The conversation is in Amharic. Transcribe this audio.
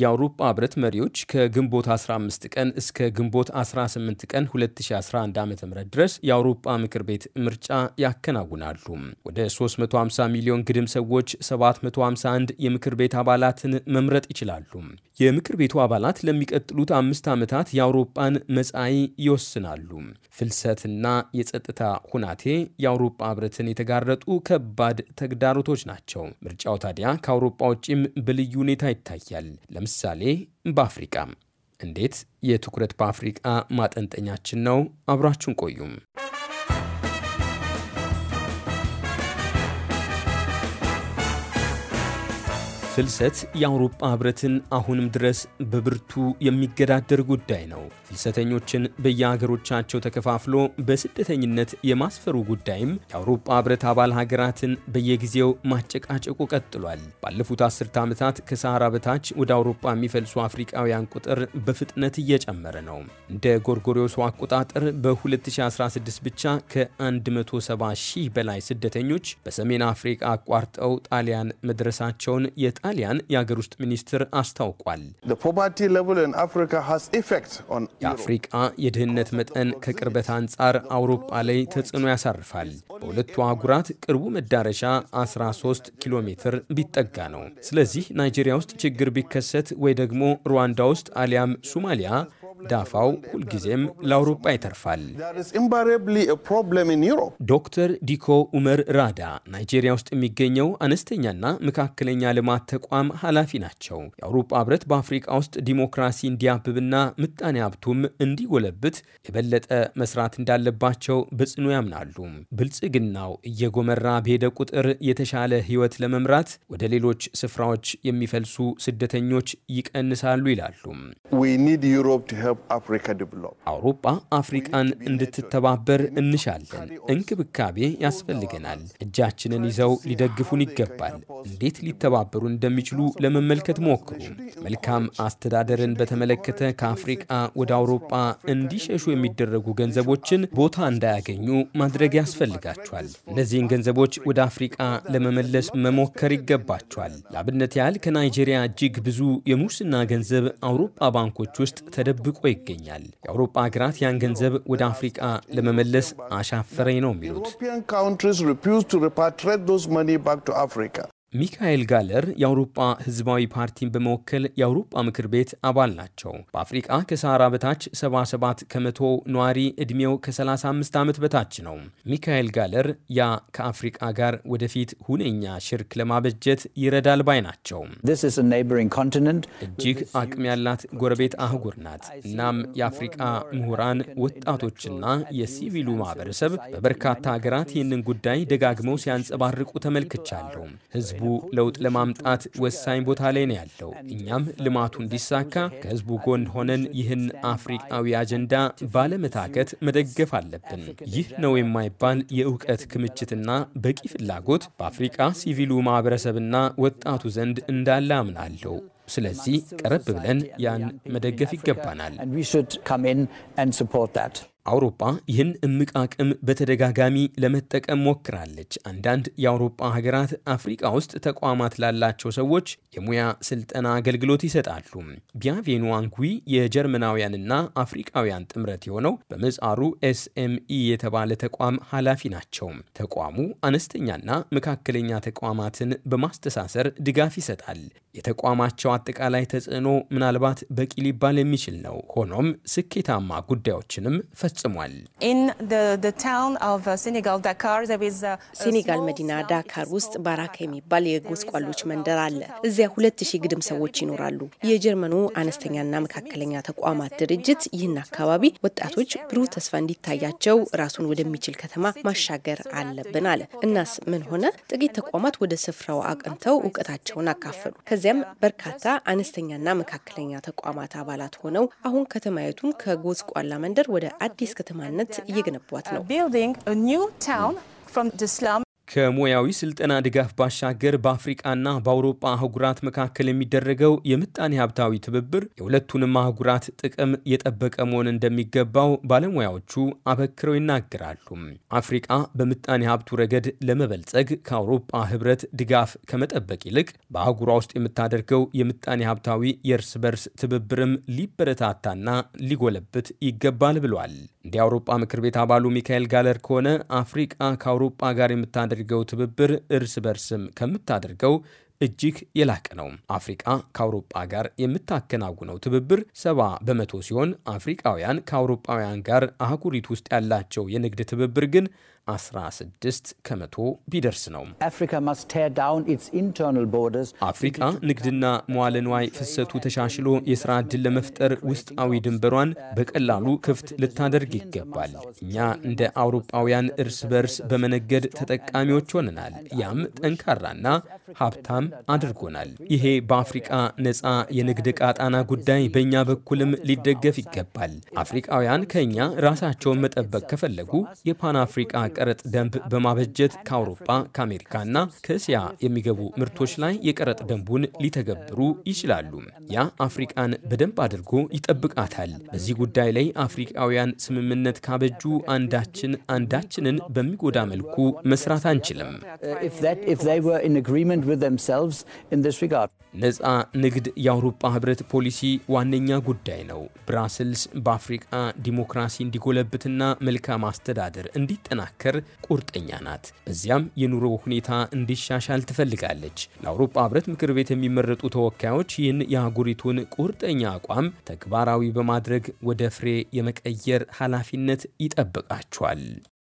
የአውሮፓ ህብረት መሪዎች ከግንቦት 15 ቀን እስከ ግንቦት 18 ቀን 2011 ዓ ም ድረስ የአውሮፓ ምክር ቤት ምርጫ ያከናውናሉ። ወደ 350 ሚሊዮን ግድም ሰዎች 751 የምክር ቤት አባላትን መምረጥ ይችላሉ። የምክር ቤቱ አባላት ለሚቀጥሉት አምስት ዓመታት የአውሮፓን መጻኢ ይወስናሉ። ፍልሰትና የጸጥታ ሁናቴ የአውሮፓ ህብረትን የተጋረጡ ከባድ ተግዳሮቶች ናቸው። ምርጫው ታዲያ ከአውሮፓ ውጪም በልዩ ሁኔታ ይታያል። ለምሳሌ በአፍሪቃ እንዴት የትኩረት በአፍሪቃ ማጠንጠኛችን ነው። አብራችሁን ቆዩም። ፍልሰት የአውሮፓ ህብረትን አሁንም ድረስ በብርቱ የሚገዳደር ጉዳይ ነው። ፍልሰተኞችን በየሀገሮቻቸው ተከፋፍሎ በስደተኝነት የማስፈሩ ጉዳይም የአውሮፓ ህብረት አባል ሀገራትን በየጊዜው ማጨቃጨቁ ቀጥሏል። ባለፉት አስርተ ዓመታት ከሰሃራ በታች ወደ አውሮፓ የሚፈልሱ አፍሪቃውያን ቁጥር በፍጥነት እየጨመረ ነው። እንደ ጎርጎሪዮሱ አቆጣጠር በ2016 ብቻ ከ170 ሺህ በላይ ስደተኞች በሰሜን አፍሪቃ አቋርጠው ጣሊያን መድረሳቸውን የ ጣሊያን የአገር ውስጥ ሚኒስትር አስታውቋል። የአፍሪቃ የድህነት መጠን ከቅርበት አንጻር አውሮፓ ላይ ተጽዕኖ ያሳርፋል። በሁለቱ አህጉራት ቅርቡ መዳረሻ 13 ኪሎ ሜትር ቢጠጋ ነው። ስለዚህ ናይጄሪያ ውስጥ ችግር ቢከሰት ወይ ደግሞ ሩዋንዳ ውስጥ አሊያም ሱማሊያ ዳፋው ሁልጊዜም ለአውሮጳ ይተርፋል። ዶክተር ዲኮ ኡመር ራዳ ናይጄሪያ ውስጥ የሚገኘው አነስተኛና መካከለኛ ልማት ተቋም ኃላፊ ናቸው። የአውሮጳ ህብረት በአፍሪቃ ውስጥ ዲሞክራሲ እንዲያብብና ምጣኔ ሀብቱም እንዲጎለብት የበለጠ መስራት እንዳለባቸው በጽኑ ያምናሉ። ብልጽግናው እየጎመራ በሄደ ቁጥር የተሻለ ህይወት ለመምራት ወደ ሌሎች ስፍራዎች የሚፈልሱ ስደተኞች ይቀንሳሉ ይላሉ። አውሮፓ አፍሪቃን እንድትተባበር እንሻለን። እንክብካቤ ያስፈልገናል። እጃችንን ይዘው ሊደግፉን ይገባል። እንዴት ሊተባበሩ እንደሚችሉ ለመመልከት ሞክሩ። መልካም አስተዳደርን በተመለከተ ከአፍሪቃ ወደ አውሮፓ እንዲሸሹ የሚደረጉ ገንዘቦችን ቦታ እንዳያገኙ ማድረግ ያስፈልጋቸዋል። እነዚህን ገንዘቦች ወደ አፍሪቃ ለመመለስ መሞከር ይገባቸዋል። ለአብነት ያህል ከናይጄሪያ እጅግ ብዙ የሙስና ገንዘብ አውሮፓ ባንኮች ውስጥ ተደብቆ ተጠብቆ ይገኛል። የአውሮፓ ሀገራት ያን ገንዘብ ወደ አፍሪቃ ለመመለስ አሻፈረኝ ነው የሚሉት ሚካኤል ጋለር የአውሮፓ ህዝባዊ ፓርቲን በመወከል የአውሮፓ ምክር ቤት አባል ናቸው። በአፍሪቃ ከሰሃራ በታች 77 ከመቶ ነዋሪ ዕድሜው ከ35 ዓመት በታች ነው። ሚካኤል ጋለር ያ ከአፍሪቃ ጋር ወደፊት ሁነኛ ሽርክ ለማበጀት ይረዳል ባይ ናቸው። እጅግ አቅም ያላት ጎረቤት አህጉር ናት። እናም የአፍሪቃ ምሁራን፣ ወጣቶችና የሲቪሉ ማህበረሰብ በበርካታ ሀገራት ይህንን ጉዳይ ደጋግመው ሲያንጸባርቁ ተመልክቻለሁ። ህዝቡ ለውጥ ለማምጣት ወሳኝ ቦታ ላይ ነው ያለው። እኛም ልማቱ እንዲሳካ ከህዝቡ ጎን ሆነን ይህን አፍሪቃዊ አጀንዳ ባለመታከት መደገፍ አለብን። ይህ ነው የማይባል የእውቀት ክምችትና በቂ ፍላጎት በአፍሪቃ ሲቪሉ ማህበረሰብና ወጣቱ ዘንድ እንዳለ አምናለሁ። ስለዚህ ቀረብ ብለን ያን መደገፍ ይገባናል። አውሮፓ ይህን እምቅ አቅም በተደጋጋሚ ለመጠቀም ሞክራለች። አንዳንድ የአውሮፓ ሀገራት አፍሪካ ውስጥ ተቋማት ላላቸው ሰዎች የሙያ ስልጠና አገልግሎት ይሰጣሉ። ቢያቬኑ የጀርመናውያንና አፍሪካውያን ጥምረት የሆነው በምህጻሩ ኤስኤምኢ የተባለ ተቋም ኃላፊ ናቸው። ተቋሙ አነስተኛና መካከለኛ ተቋማትን በማስተሳሰር ድጋፍ ይሰጣል። የተቋማቸው አጠቃላይ ተጽዕኖ ምናልባት በቂ ሊባል የሚችል ነው። ሆኖም ስኬታማ ጉዳዮችንም ፈ ፈጽሟል። uh, ሴኔጋል መዲና ዳካር ውስጥ ባራካ የሚባል የጎስቋሎች መንደር አለ። እዚያ ሁለት ሺህ ግድም ሰዎች ይኖራሉ። የጀርመኑ አነስተኛና መካከለኛ ተቋማት ድርጅት ይህን አካባቢ ወጣቶች ብሩህ ተስፋ እንዲታያቸው ራሱን ወደሚችል ከተማ ማሻገር አለብን አለ። እናስ ምን ሆነ? ጥቂት ተቋማት ወደ ስፍራው አቅንተው እውቀታቸውን አካፈሉ። ከዚያም በርካታ አነስተኛና መካከለኛ ተቋማት አባላት ሆነው አሁን ከጎዝ ከጎስቋላ መንደር ወደ አዲስ አዲስ ከተማነት እየገነቧት ነው። uh, ከሙያዊ ስልጠና ድጋፍ ባሻገር በአፍሪቃና በአውሮፓ አህጉራት መካከል የሚደረገው የምጣኔ ሀብታዊ ትብብር የሁለቱንም አህጉራት ጥቅም የጠበቀ መሆን እንደሚገባው ባለሙያዎቹ አበክረው ይናገራሉ። አፍሪቃ በምጣኔ ሀብቱ ረገድ ለመበልጸግ ከአውሮፓ ህብረት ድጋፍ ከመጠበቅ ይልቅ በአህጉሯ ውስጥ የምታደርገው የምጣኔ ሀብታዊ የእርስ በርስ ትብብርም ሊበረታታና ሊጎለብት ይገባል ብሏል። እንደ አውሮፓ ምክር ቤት አባሉ ሚካኤል ጋለር ከሆነ አፍሪቃ ከአውሮፓ ጋር የምታደርገው ትብብር እርስ በርስም ከምታደርገው እጅግ የላቀ ነው። አፍሪቃ ከአውሮጳ ጋር የምታከናውነው ትብብር ሰባ በመቶ ሲሆን አፍሪቃውያን ከአውሮጳውያን ጋር አህጉሪት ውስጥ ያላቸው የንግድ ትብብር ግን 16 ከመቶ ቢደርስ ነው። አፍሪቃ ንግድና መዋለንዋይ ፍሰቱ ተሻሽሎ የሥራ ዕድል ለመፍጠር ውስጣዊ ድንበሯን በቀላሉ ክፍት ልታደርግ ይገባል። እኛ እንደ አውሮጳውያን እርስ በርስ በመነገድ ተጠቃሚዎች ሆነናል። ያም ጠንካራና ሀብታም አድርጎናል። ይሄ በአፍሪቃ ነፃ የንግድ ቃጣና ጉዳይ በእኛ በኩልም ሊደገፍ ይገባል። አፍሪቃውያን ከእኛ ራሳቸውን መጠበቅ ከፈለጉ የፓን አፍሪቃ ቀረጥ ደንብ በማበጀት ከአውሮፓ ከአሜሪካና ከእስያ የሚገቡ ምርቶች ላይ የቀረጥ ደንቡን ሊተገብሩ ይችላሉ። ያ አፍሪቃን በደንብ አድርጎ ይጠብቃታል። በዚህ ጉዳይ ላይ አፍሪቃውያን ስምምነት ካበጁ አንዳችን አንዳችንን በሚጎዳ መልኩ መስራት አንችልም። ነፃ ንግድ የአውሮፓ ህብረት ፖሊሲ ዋነኛ ጉዳይ ነው። ብራስልስ በአፍሪቃ ዲሞክራሲ እንዲጎለብትና መልካም አስተዳደር እንዲጠናከር ቁርጠኛ ናት። በዚያም የኑሮ ሁኔታ እንዲሻሻል ትፈልጋለች። ለአውሮፓ ህብረት ምክር ቤት የሚመረጡ ተወካዮች ይህን የአህጉሪቱን ቁርጠኛ አቋም ተግባራዊ በማድረግ ወደ ፍሬ የመቀየር ኃላፊነት ይጠብቃቸዋል።